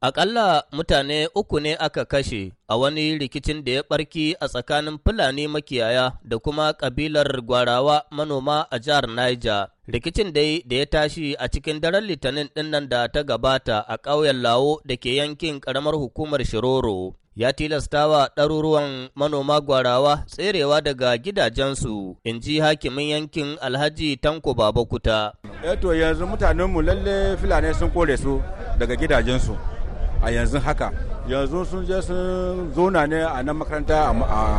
Aƙalla mutane uku ne aka kashe a wani rikicin da ya ɓarki a tsakanin Fulani makiyaya da kuma ƙabilar Gwarawa manoma a jihar Niger. Rikicin dai da ya tashi a cikin daren Litinin ɗinnan da ta gabata a ƙauyen Lawo da ke yankin ƙaramar hukumar Shiroro. ya tilastawa ɗaruruwan manoma gwarawa tserewa daga gidajensu in ji hakimin yankin alhaji tanko babakuta. eto eh yanzu mutanenmu lalle fulani sun kore su daga gidajensu a yanzu haka yanzu sun je sun zona ne a nan makaranta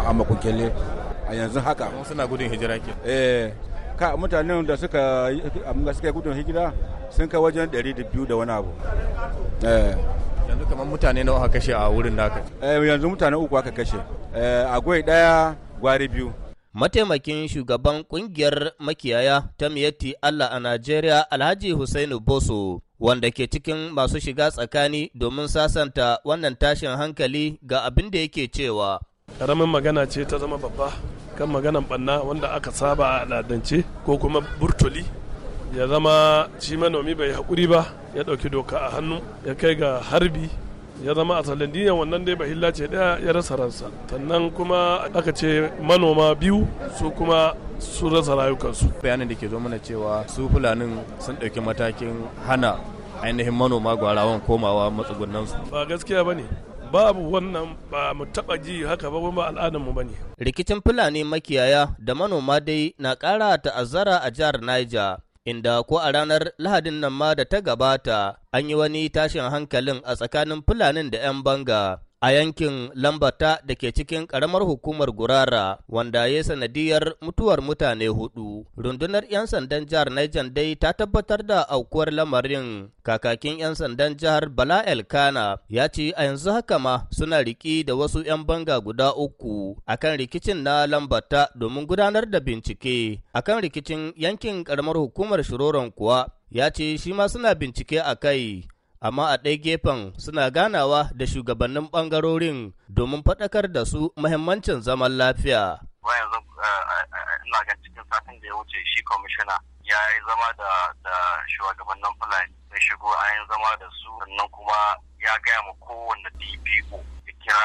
a makunkele a yanzu haka suna gudun hijira ke eh ka mutanen da suka amma suka gudun hijira sun kai wajen 200 da wani abu eh yanzu kamar mutane nawa aka kashe a wurin naka eh yanzu mutane uku aka kashe eh agwai daya gwari biyu Mataimakin shugaban kungiyar makiyaya ta Miyatti Allah a Najeriya Alhaji Hussainu Boso wanda ke cikin masu shiga tsakani domin sasanta wannan tashin hankali ga abin da yake cewa. Ƙaramin magana ce ta zama babba kan maganan banna wanda aka saba a al'adance ko kuma burtuli ya zama shi manomi bai haƙuri ba ya ɗauki doka a hannu ya kai ga harbi ya zama a salandiyan wannan dai bahilla ce ɗaya ya rasa ransa sannan kuma aka ce manoma biyu su kuma su rasa rayukansu bayanin da ke zo cewa su fulanin sun ɗauki matakin hana ainihin manoma gwarawan komawa matsugunan su. ba gaskiya ba ne babu wannan ba mu taɓa ji haka ba ba al'adarmu ba ne. Rikicin Fulani makiyaya da manoma dai na ƙara ta'azzara a jihar Niger, inda ko a ranar Lahadin nan ma da ta gabata an yi wani tashin hankalin a tsakanin Fulanin da 'yan banga. a yankin lambata da ke cikin ƙaramar hukumar gurara wanda ya sanadiyar mutuwar mutane hudu rundunar 'yan sandan jihar Niger dai ta tabbatar da aukuwar lamarin kakakin 'yan sandan jihar bala elkana ya ce a yanzu haka ma suna riki da wasu 'yan banga guda uku akan rikicin na lambata domin gudanar da bincike akan rikicin yankin ƙaramar hukumar shiroron kuwa ya ce shi ma suna bincike a kai amma a ɗaya gefen suna ganawa da shugabannin ɓangarorin domin faɗakar da su muhimmancin zaman lafiya. yanzu eh, eh, eh, ina ga cikin satin da ya wuce shi kwamishina ya yi zama da shugabannin fulani ya shigo a yin zama da su sannan kuma ya gaya ma kowanne dpo ya kira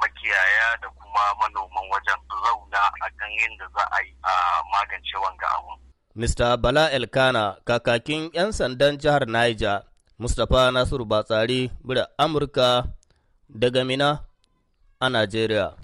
makiyaya da kuma manoman wajen zauna a kan da za a yi a magance wanga abun. Mr. Bala Elkana, kakakin 'yan sandan jihar Niger, Mustapha Nasiru Batsari, bira Amurka daga Mina a Najeriya.